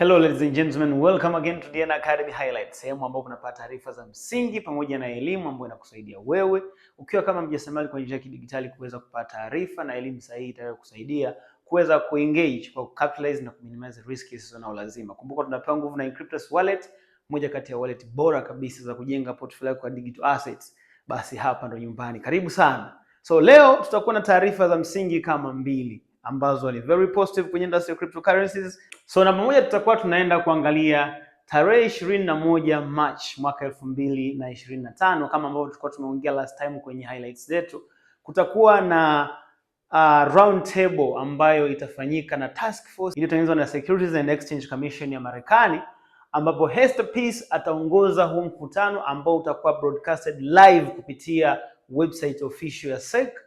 Hello ladies and gentlemen, welcome again to Diena Academy Highlights, sehemu ambapo unapata taarifa za msingi pamoja na elimu ambayo inakusaidia wewe ukiwa kama mjasiriamali kwa njia ya kidijitali kuweza kupata taarifa na elimu sahihi itakayokusaidia kuweza kuengage kwa capitalize na kuminimize risk zisizo na lazima. Kumbuka tunapewa nguvu na Inkryptus Wallet, moja kati ya wallet bora kabisa za kujenga portfolio yako ya digital assets. Basi hapa ndo nyumbani. Karibu sana. So leo tutakuwa na taarifa za msingi kama mbili ambazo ni very positive kwenye industry ya cryptocurrencies. So namba moja tutakuwa tunaenda kuangalia tarehe ishirini na moja March mwaka elfu mbili na ishirini na tano kama ambavyo tulikuwa tumeongea last time kwenye highlights zetu, kutakuwa na uh, round table ambayo itafanyika na task force iliyotengenezwa na Securities and Exchange Commission ya Marekani, ambapo Hester Peace ataongoza huu mkutano ambao utakuwa broadcasted live kupitia website official ya SEC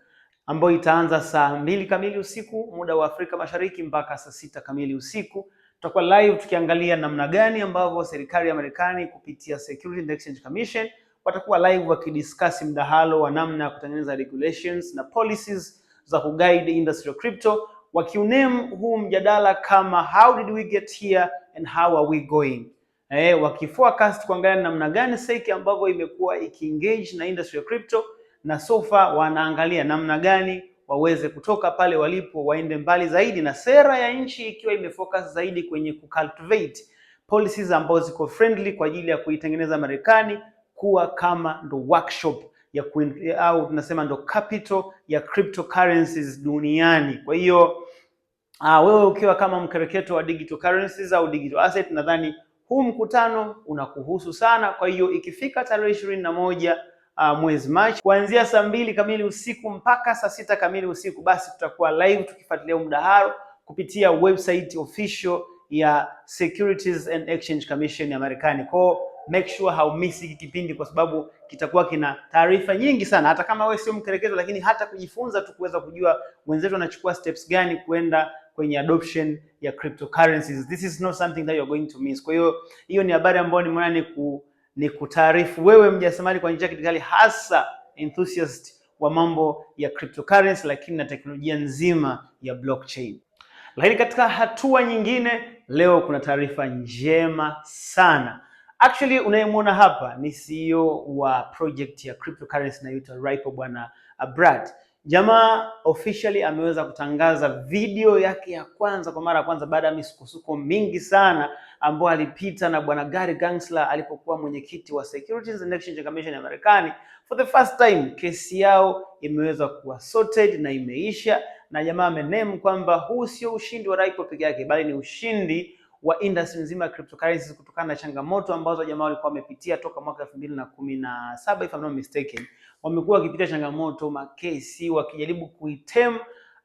ambayo itaanza saa mbili kamili usiku muda wa Afrika Mashariki mpaka saa sita kamili usiku. Tutakuwa live tukiangalia namna gani ambavyo serikali ya Marekani kupitia Security and Exchange Commission watakuwa live wakidiscuss mdahalo wa namna ya kutengeneza regulations na policies za kuguide industry ya crypto, wakiuname huu mjadala kama how did we get here and how are we going. Eh, wakifocus kuangalia namna gani SEC ambavyo imekuwa ikiengage na industry ya crypto na sofa wanaangalia namna gani waweze kutoka pale walipo waende mbali zaidi, na sera ya nchi ikiwa imefocus zaidi kwenye kucultivate policies ambazo ziko friendly kwa ajili ya kuitengeneza Marekani kuwa kama ndo workshop ya kuin, au tunasema ndo capital ya cryptocurrencies duniani. Kwa hiyo uh, wewe ukiwa kama mkereketo wa digital currencies au digital asset, nadhani huu mkutano unakuhusu sana. Kwa hiyo ikifika tarehe ishirini na moja uh, mwezi Machi kuanzia saa mbili kamili usiku mpaka saa sita kamili usiku. Basi tutakuwa live tukifuatilia mdahalo kupitia website official ya Securities and Exchange Commission ya Marekani. Kwa make sure haumiss hiki kipindi, kwa sababu kitakuwa kina taarifa nyingi sana. Hata kama wewe sio mkereketo, lakini hata kujifunza tu kuweza kujua wenzetu wanachukua steps gani kuenda kwenye adoption ya cryptocurrencies. This is not something that you are going to miss. Kwa hiyo hiyo ni habari ambayo nimeona ni ku ni kutaarifu wewe mjasiriamali kwa njia ya kidijitali, hasa enthusiast wa mambo ya cryptocurrency, lakini na teknolojia nzima ya blockchain. Lakini katika hatua nyingine, leo kuna taarifa njema sana. Actually, unayemwona hapa ni CEO wa project ya cryptocurrency inayoitwa Ripple, bwana Brad Jamaa officially ameweza kutangaza video yake ya kwanza kwa mara ya kwanza baada ya misukosuko mingi sana ambayo alipita na bwana Gary Gensler alipokuwa mwenyekiti wa Securities and Exchange Commission ya Marekani. For the first time kesi yao imeweza kuwa sorted na imeisha, na jamaa amenem kwamba huu sio ushindi wa Raiko peke yake bali ni ushindi wa industry nzima ya cryptocurrencies kutokana na changamoto ambazo jamaa walikuwa wamepitia toka mwaka 2017 if I'm not mistaken, wamekuwa wakipitia changamoto makesi wakijaribu kuitem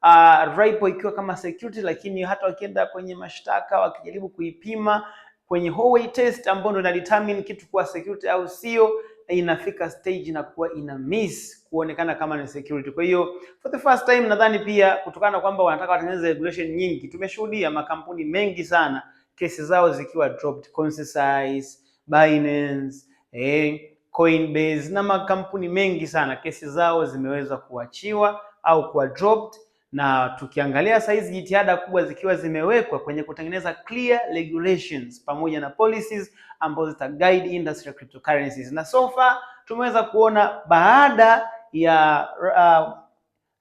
uh, Ripple ikiwa kama security, lakini hata wakienda kwenye mashtaka wakijaribu kuipima kwenye Huawei test ambayo ndio inadetermine kitu kuwa security au sio, inafika stage na kuwa ina miss kuonekana kama ni security. Kwa hiyo for the first time nadhani pia kutokana na kwamba wanataka watengeneze regulation nyingi, tumeshuhudia makampuni mengi sana kesi zao zikiwa dropped Concise, Binance, eh, Coinbase na makampuni mengi sana kesi zao zimeweza kuachiwa au kuwa dropped, na tukiangalia saa hizi jitihada kubwa zikiwa zimewekwa kwenye kutengeneza clear regulations pamoja na policies ambazo zita guide industry cryptocurrencies, na so far tumeweza kuona baada ya uh,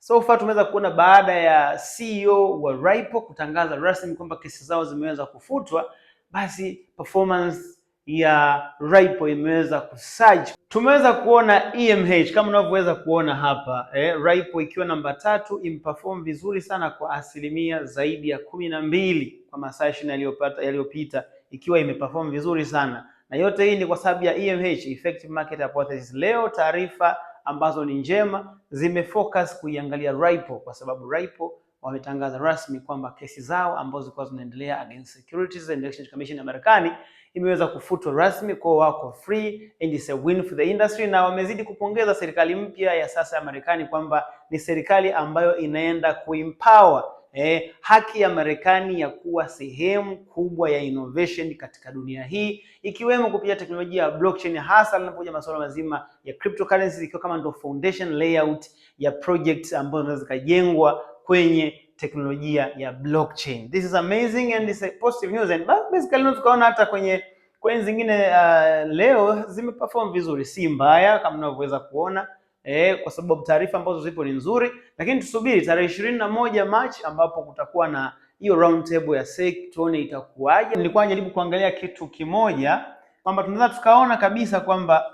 So far tumeweza kuona baada ya CEO wa Raipo kutangaza rasmi kwamba kesi zao zimeweza kufutwa, basi performance ya Raipo imeweza kusurge. Tumeweza kuona EMH kama unavyoweza kuona hapa eh, Raipo ikiwa namba tatu imperform vizuri sana kwa asilimia zaidi ya kumi na mbili kwa masaa ishirini yaliyopita yaliyopita, ikiwa imeperform vizuri sana, na yote hii ni kwa sababu ya EMH, effective market hypothesis. Leo taarifa ambazo ni njema zimefocus kuiangalia RIPO kwa sababu RIPO wametangaza rasmi kwamba kesi zao ambazo zilikuwa zinaendelea against Securities and Exchange Commission ya Marekani imeweza kufutwa rasmi, kwa wako free and it's a win for the industry, na wamezidi kupongeza serikali mpya ya sasa ya Marekani kwamba ni serikali ambayo inaenda kuempower eh, haki ya Marekani ya kuwa sehemu kubwa ya innovation katika dunia hii ikiwemo kupitia teknolojia ya blockchain, hasa linapokuja masuala mazima ya cryptocurrency, ikiwa kama ndio foundation layout ya projects ambazo zinaweza zikajengwa kwenye teknolojia ya blockchain. This is amazing and it's a positive news and basically leo tukaona hata kwenye kwenye zingine uh, leo zimeperform vizuri, si mbaya kama mnavyoweza kuona eh, kwa sababu taarifa ambazo zipo ni nzuri, lakini tusubiri tarehe ishirini na moja Machi ambapo kutakuwa na hiyo round table ya SEC tuone itakuwaje. Nilikuwa najaribu kuangalia kitu kimoja kwamba tunaweza tukaona kabisa kwamba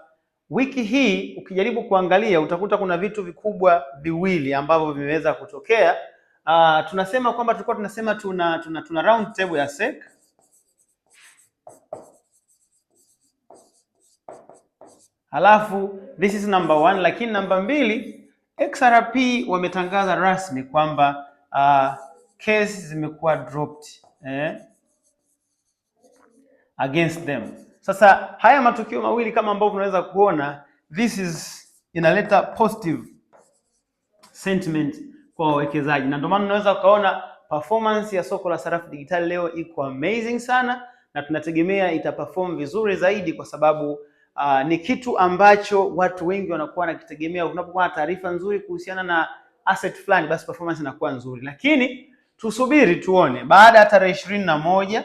wiki hii ukijaribu kuangalia utakuta kuna vitu vikubwa viwili ambavyo vimeweza kutokea. Uh, tunasema kwamba tulikuwa tunasema tuna, tuna, tuna round table ya SEC Halafu this is number one, lakini namba mbili XRP wametangaza rasmi kwamba uh, case zimekuwa dropped eh, against them. Sasa haya matukio mawili kama ambavyo unaweza kuona, this is inaleta positive sentiment kwa wawekezaji, na ndio maana unaweza ukaona performance ya soko la sarafu digitali leo iko amazing sana, na tunategemea itaperform vizuri zaidi kwa sababu uh, ni kitu ambacho watu wengi wanakuwa wanakitegemea. Unapokuwa na taarifa nzuri kuhusiana na asset fulani, basi performance inakuwa nzuri, lakini tusubiri tuone baada ya tarehe ishirini na moja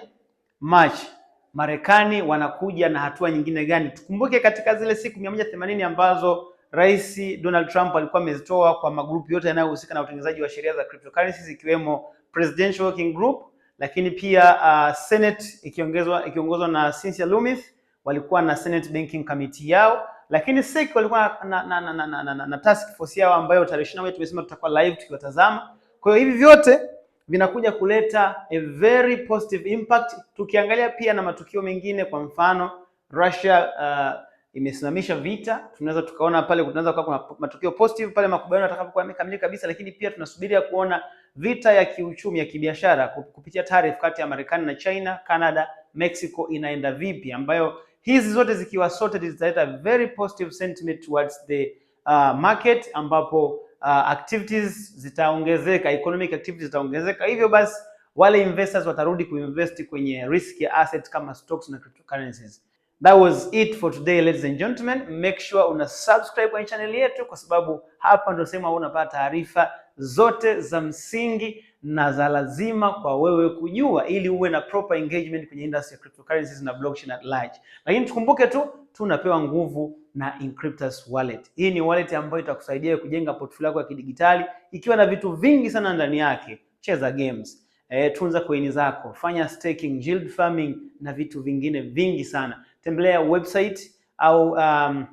Machi Marekani wanakuja na hatua nyingine gani. Tukumbuke katika zile siku mia moja themanini ambazo Rais Donald Trump alikuwa amezitoa kwa magrupu yote yanayohusika na utengenezaji wa sheria za cryptocurrencies ikiwemo Presidential Working Group, lakini pia uh, Senate ikiongozwa ikiongozwa na Cynthia Lummis walikuwa na Senate Banking Committee yao, lakini SEC walikuwa na, na, na, na, na, na, na task force yao ambayo tarehe 21 tumesema tutakuwa live tukiwatazama. Kwa hiyo hivi vyote vinakuja kuleta a very positive impact, tukiangalia pia na matukio mengine, kwa mfano Russia uh, imesimamisha vita, tunaweza tukaona pale, tunaweza kuwa kuna matukio positive pale makubaliano yatakapokuwa yamekamilika kabisa, lakini pia tunasubiria kuona vita ya kiuchumi ya kibiashara kupitia tarifu kati ya Marekani na China, Canada, Mexico inaenda vipi, ambayo Hizi zote zikiwa sorted zitaleta very positive sentiment towards the uh, market ambapo uh, activities zitaongezeka, economic activities zitaongezeka, hivyo basi wale investors watarudi kuinvest kwenye risk ya asset kama stocks na cryptocurrencies. That was it for today ladies and gentlemen. Make sure una subscribe kwenye channel yetu, kwa sababu hapa ndio sehemu unapata taarifa zote za msingi na za lazima kwa wewe kujua, ili uwe na proper engagement kwenye industry ya cryptocurrencies na blockchain at large. Lakini tukumbuke tu tunapewa nguvu na Inkryptus wallet. Hii ni wallet ambayo itakusaidia kujenga portfolio yako ya kidigitali ikiwa na vitu vingi sana ndani yake. Cheza games E, tunza coin zako, fanya staking, yield farming na vitu vingine vingi sana tembelea website au um,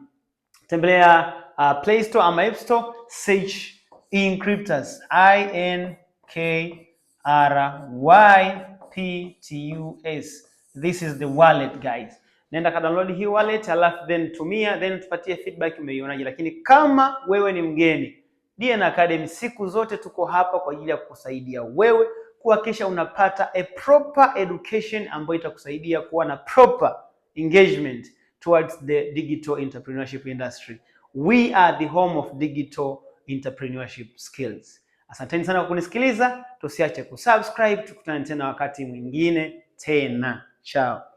tembelea uh, Play Store ama App Store, search Inkryptus, I N K R Y P T U S. This is the wallet guys. Nenda ka download hii wallet alafu then tumia then tupatie feedback umeionaje. Lakini kama wewe ni mgeni DN Academy, siku zote tuko hapa kwa ajili ya kukusaidia wewe kuhakikisha unapata a proper education ambayo itakusaidia kuwa na proper engagement towards the digital entrepreneurship industry. We are the home of digital entrepreneurship skills. Asanteni sana kwa kunisikiliza, tusiache kusubscribe. Tukutane tena wakati mwingine tena, chao.